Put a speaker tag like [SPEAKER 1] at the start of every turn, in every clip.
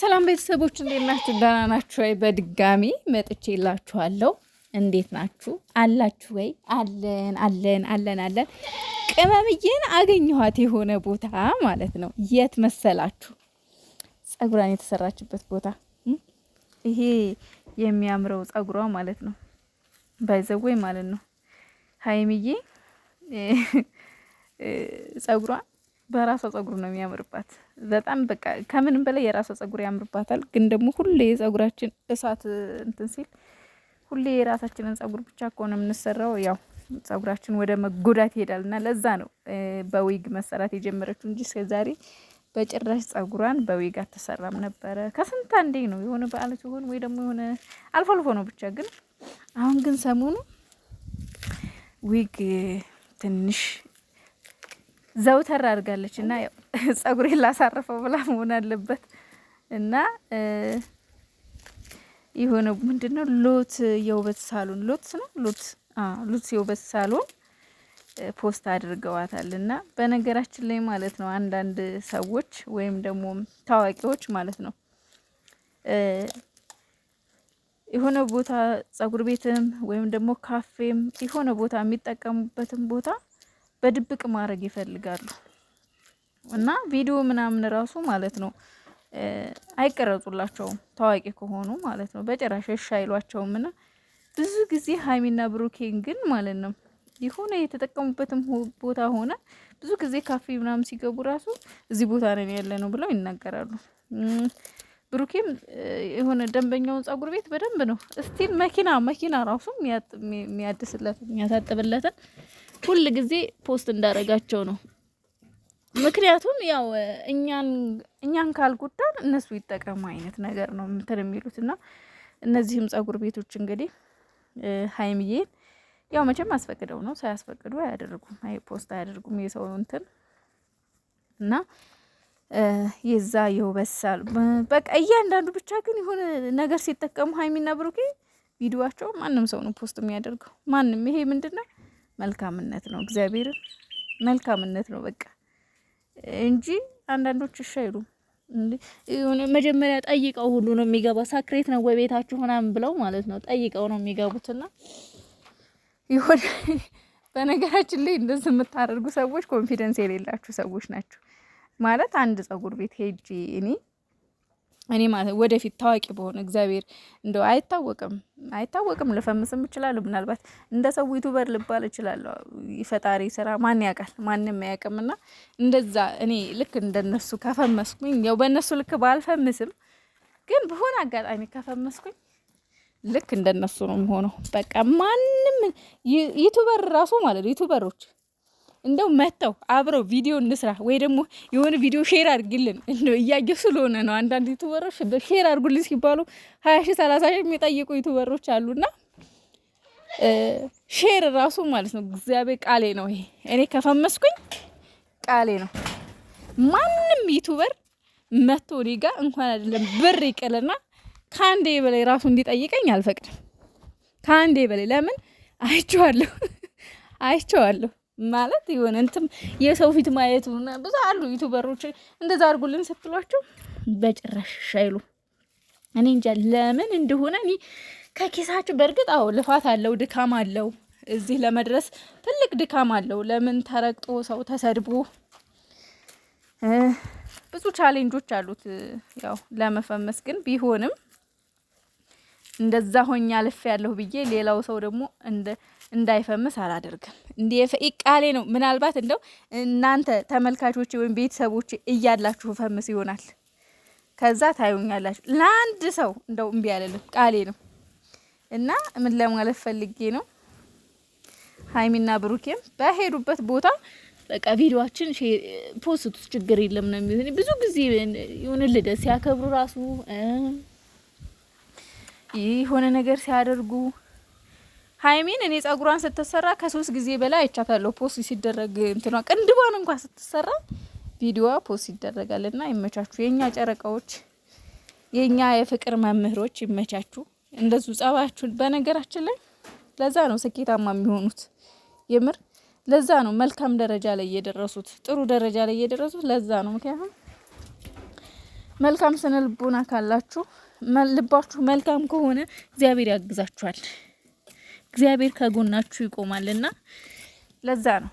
[SPEAKER 1] ሰላም ቤተሰቦች እንዴት ናችሁ? ደህና ናችሁ ወይ? በድጋሚ መጥቼላችኋለሁ። እንዴት ናችሁ አላችሁ ወይ? አለን አለን አለን አለን። ቅመምዬን አገኘኋት የሆነ ቦታ ማለት ነው። የት መሰላችሁ? ጸጉሯን የተሰራችበት ቦታ። ይሄ የሚያምረው ጸጉሯ ማለት ነው። ባይዘወይ ማለት ነው። ሀይምዬ ጸጉሯን በራሷ ጸጉር ነው የሚያምርባት። በጣም በቃ ከምንም በላይ የራሷ ጸጉር ያምርባታል። ግን ደግሞ ሁሌ ጸጉራችን እሳት እንትን ሲል ሁሌ የራሳችንን ጸጉር ብቻ ከሆነ የምንሰራው ያው ጸጉራችን ወደ መጎዳት ይሄዳል። እና ለዛ ነው በዊግ መሰራት የጀመረችው እንጂ እስከዛሬ በጭራሽ ጸጉሯን በዊግ አትሰራም ነበረ። ከስንት አንዴ ነው የሆነ በዓል ሲሆን ወይ ደግሞ የሆነ አልፎ አልፎ ነው ብቻ። ግን አሁን ግን ሰሞኑ ዊግ ትንሽ ዘውተር አድርጋለች እና ጸጉሬ ላሳረፈው ብላ መሆን አለበት እና የሆነ ምንድን ነው ሎት የውበት ሳሎን ሎት ነው ሎት ሎት የውበት ሳሎን ፖስት አድርገዋታል እና በነገራችን ላይ ማለት ነው አንዳንድ ሰዎች ወይም ደግሞ ታዋቂዎች ማለት ነው የሆነ ቦታ ጸጉር ቤትም ወይም ደግሞ ካፌም የሆነ ቦታ የሚጠቀሙበትም ቦታ በድብቅ ማድረግ ይፈልጋሉ እና ቪዲዮ ምናምን ራሱ ማለት ነው አይቀረጹላቸውም ታዋቂ ከሆኑ ማለት ነው። በጭራሽ እሺ አይሏቸውም። እና ብዙ ጊዜ ሀይሚና ብሩኬን ግን ማለት ነው የሆነ የተጠቀሙበትም ቦታ ሆነ ብዙ ጊዜ ካፌ ምናምን ሲገቡ ራሱ እዚህ ቦታ ነን ያለ ነው ብለው ይናገራሉ። ብሩኬም የሆነ ደንበኛውን ጸጉር ቤት በደንብ ነው እስቲል መኪና መኪና ራሱ የሚያድስለትን የሚያሳጥብለትን ሁል ጊዜ ፖስት እንዳረጋቸው ነው። ምክንያቱም ያው እኛን እኛን ካልጎዳን እነሱ ይጠቀሙ አይነት ነገር ነው እንትን የሚሉት እና እነዚህም ጸጉር ቤቶች እንግዲህ ሀይሚዬን ያው መቼም አስፈቅደው ነው ሳያስፈቅዱ አያደርጉም። አይ ፖስት አያደርጉም የሰው እንትን እና የዛ ይወበሳል በቃ እያንዳንዱ ብቻ ግን የሆነ ነገር ሲጠቀሙ ሀይሚና ብሩኬ ቪዲዮዋቸው ማንም ሰው ነው ፖስት የሚያደርገው ማንም ይሄ ምንድን ነው መልካምነት ነው። እግዚአብሔርን መልካምነት ነው በቃ እንጂ አንዳንዶች እሺ አይሉም። መጀመሪያ ጠይቀው ሁሉ ነው የሚገባ። ሳክሬት ነው ወይ ቤታችሁ ምናምን ብለው ማለት ነው ጠይቀው ነው የሚገቡትና ይሆን። በነገራችን ላይ እንደዚህ የምታደርጉ ሰዎች ኮንፊደንስ የሌላችሁ ሰዎች ናቸው ማለት አንድ ጸጉር ቤት ሄጂ እኔ እኔ ማለት ወደፊት ታዋቂ በሆነ እግዚአብሔር እንደው አይታወቅም አይታወቅም። ልፈምስም እችላለሁ ምናልባት እንደ ሰው ዩቱበር ልባል እችላለሁ። የፈጣሪ ስራ ማን ያውቃል? ማንም አያውቅምና እንደዛ እኔ ልክ እንደነሱ ከፈመስኩኝ ያው በእነሱ ልክ ባልፈምስም ግን በሆነ አጋጣሚ ከፈመስኩኝ ልክ እንደነሱ ነው የምሆነው። በቃ ማንም ዩቱበር ራሱ ማለት ዩቱበሮች እንደው መተው አብረው ቪዲዮ እንስራ ወይ ደግሞ የሆነ ቪዲዮ ሼር አድርግልን። እንደው እያየ ስለሆነ ነው። አንዳንድ ዩቱበሮች ሼር አድርጉልን ሲባሉ ሀያ ሺ ሰላሳ ሺ የሚጠይቁ ዩቱበሮች አሉና ሼር ራሱ ማለት ነው። እግዚአብሔር ቃሌ ነው ይሄ። እኔ ከፈመስኩኝ ቃሌ ነው። ማንም ዩቱበር መቶ እኔ እንኳን አይደለም ብር ይቅልና ከአንዴ በላይ ራሱ እንዲጠይቀኝ አልፈቅድም። ከአንዴ በላይ ለምን አይቼዋለሁ፣ አይቼዋለሁ ማለት የሆነ እንትም የሰው ፊት ማየቱ እና ብዙ አሉ ዩቱበሮች እንደዛ አድርጉልን ስትሏቸው በጭራሽ ሻይሉ እኔ እንጃ ለምን እንደሆነ እኔ ከኪሳችሁ በእርግጥ አዎ ልፋት አለው፣ ድካም አለው። እዚህ ለመድረስ ትልቅ ድካም አለው። ለምን ተረግጦ ሰው ተሰድቦ ብዙ ቻሌንጆች አሉት ያው ለመፈመስ ግን ቢሆንም እንደዛ ሆኛ አልፌ ያለሁ ብዬ ሌላው ሰው ደግሞ እንደ እንዳይፈምስ አላደርግም። እንዲህ ቃሌ ነው። ምናልባት እንደው እናንተ ተመልካቾች ወይም ቤተሰቦች እያላችሁ ፈምስ ይሆናል። ከዛ ታዩኛላችሁ። ለአንድ ሰው እንደው እምቢ አለልም፣ ቃሌ ነው እና ምን ለማለት ፈልጌ ነው ሀይሚና ብሩኬም በሄዱበት ቦታ በቃ ቪዲዮችን ፖስቱ ችግር የለም ነው የሚሆን። ብዙ ጊዜ የሆነ ልደት ሲያከብሩ ራሱ የሆነ ነገር ሲያደርጉ ሀይሚን እኔ ጸጉሯን ስትሰራ ከሶስት ጊዜ በላይ አይቻታለሁ። ፖስት ሲደረግ እንትኗ ቅንድቧን እንኳን ስትሰራ ቪዲዮዋ ፖስት ይደረጋል። ና ይመቻችሁ የእኛ ጨረቃዎች፣ የእኛ የፍቅር መምህሮች ይመቻችሁ። እንደዙ ጸባችሁን። በነገራችን ላይ ለዛ ነው ስኬታማ የሚሆኑት። የምር ለዛ ነው መልካም ደረጃ ላይ የደረሱት፣ ጥሩ ደረጃ ላይ የደረሱት ለዛ ነው። ምክንያቱም መልካም ስነ ልቦና ካላችሁ፣ ልባችሁ መልካም ከሆነ እግዚአብሔር ያግዛችኋል። እግዚአብሔር ከጎናችሁ ይቆማልና ለዛ ነው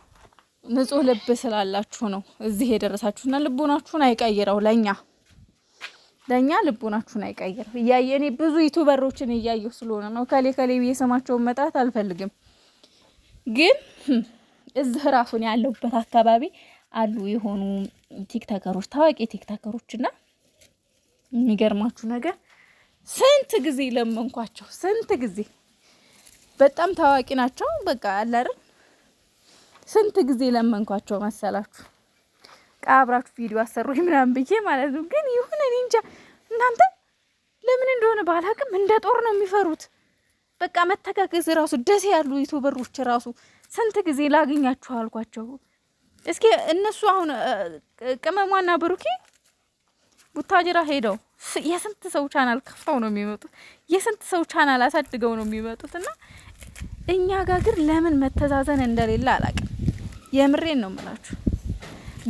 [SPEAKER 1] ንጹህ ልብ ስላላችሁ ነው እዚህ የደረሳችሁና ልቦናችሁን አይቀይረው። ለኛ ለኛ ልቦናችሁን አይቀይረው። እያየ እኔ ብዙ ዩቱበሮችን እያየሁ ስለሆነ ነው ከሌ ከሌ ብዬ ስማቸውን መጥራት አልፈልግም፣ ግን እዚህ ራሱን ያለሁበት አካባቢ አሉ የሆኑ ቲክታከሮች፣ ታዋቂ ቲክቶከሮችና የሚገርማችሁ ነገር ስንት ጊዜ ለመንኳቸው ስንት ጊዜ በጣም ታዋቂ ናቸው። በቃ አለ ስንት ጊዜ ለመንኳቸው መሰላችሁ አብራችሁ ቪዲዮ አሰሩኝ ምናምን ብዬ ማለት ነው። ግን ይሁን እኔ እንጃ እናንተ ለምን እንደሆነ ባላቅም እንደ ጦር ነው የሚፈሩት። በቃ መተጋገዝ ራሱ ደሴ ያሉ ዩቱበሮች ራሱ ስንት ጊዜ ላገኛችሁ አልኳቸው። እስኪ እነሱ አሁን ቅመሟና ብሩኬ ቡታጅራ ሄደው የስንት ሰው ቻናል ከፍተው ነው የሚመጡት? የስንት ሰው ቻናል አሳድገው ነው የሚመጡት እና እኛ ጋር ግን ለምን መተዛዘን እንደሌለ አላቅም። የምሬን ነው ምላችሁ።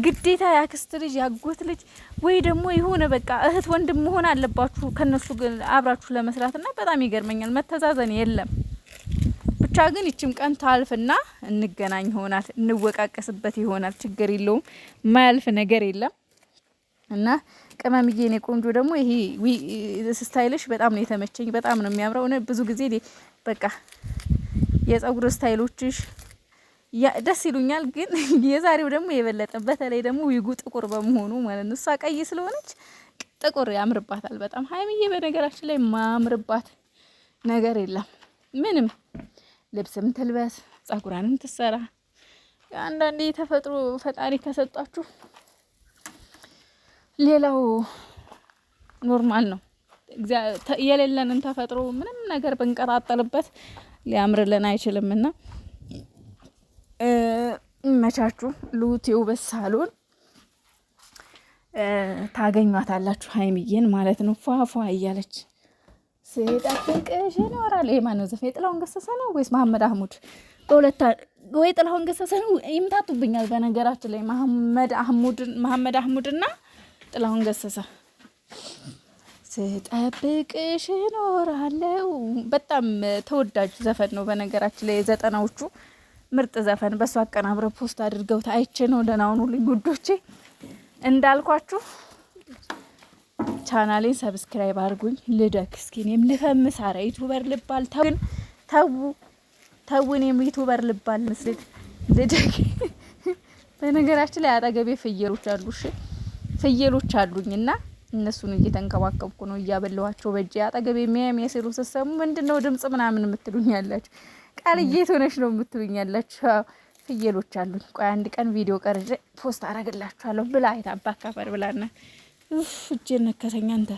[SPEAKER 1] ግዴታ ያክስት ልጅ ያጎት ልጅ ወይ ደግሞ የሆነ በቃ እህት ወንድም መሆን አለባችሁ ከነሱ ግን አብራችሁ ለመስራት እና በጣም ይገርመኛል። መተዛዘን የለም። ብቻ ግን ይችም ቀን ታልፍና እንገናኝ ይሆናል፣ እንወቃቀስበት ይሆናል። ችግር የለውም። ማያልፍ ነገር የለም እና ቅመምዬ እኔ ቆንጆ ደግሞ ይሄ ስታይልሽ በጣም ነው የተመቸኝ። በጣም ነው የሚያምረው። ብዙ ጊዜ በቃ የጸጉር ስታይሎችሽ ደስ ይሉኛል፣ ግን የዛሬው ደግሞ የበለጠ በተለይ ደግሞ ዊጉ ጥቁር በመሆኑ ማለት ነው። እሷ ቀይ ስለሆነች ጥቁር ያምርባታል በጣም ሀይምዬ። በነገራችን ላይ ማምርባት ነገር የለም ምንም። ልብስም ትልበስ ጸጉራንም ትሰራ። አንዳንዴ የተፈጥሮ ፈጣሪ ከሰጧችሁ ሌላው ኖርማል ነው። የሌለንን ተፈጥሮ ምንም ነገር ብንቀጣጠልበት ሊያምርልን አይችልም። ና መቻችሁ ልውት የውበት ሳሎን ታገኟታላችሁ ሀይሚዬን ማለት ነው። ፏፏ እያለች ሴጣፍቅሽ ይኖራል። ይሄ ማነው ዘፈን? የጥላሁን ገሰሰ ነው ወይስ መሐመድ አህሙድ? በሁለት ወይ ጥላሁን ገሰሰ ነው። ይምታቱብኛል። በነገራችን ላይ መሐመድ አህሙድ መሐመድ አህሙድና ጥላሁን ገሰሰ ስጠብቅሽ እኖራለሁ በጣም ተወዳጅ ዘፈን ነው። በነገራችን ላይ የዘጠናዎቹ ምርጥ ዘፈን በእሱ አቀናብረ ፖስት አድርገው ታይቼ ነው ደህናውን ሁሉ ውዶቼ። እንዳልኳችሁ ቻናሌን ሰብስክራይብ አድርጉኝ። ልደክ እስኪ እኔም ልፈምስ። ኧረ ዩቱበር ልባል ግን ተዉ ተው፣ እኔም ዩቱበር ልባል ምስል ልደክ። በነገራችን ላይ አጠገቤ ፍየሎች አሉ፣ ፍየሎች አሉኝ እና እነሱን እየተንከባከብኩ ነው እያበለዋቸው በእጄ አጠገብ የሚያም ሲሉ ስሰሙ ምንድን ነው ድምጽ ምናምን የምትሉኝ ያላችሁ ቃልዬ ትሆነች ነው የምትሉኝ ያላችሁ ፍየሎች አሉኝ። ቆይ አንድ ቀን ቪዲዮ ቀርጬ ፖስት አረግላችኋለሁ ብላ አይታባ አካፈር ብላና እጄ ነከሰኝ አንተ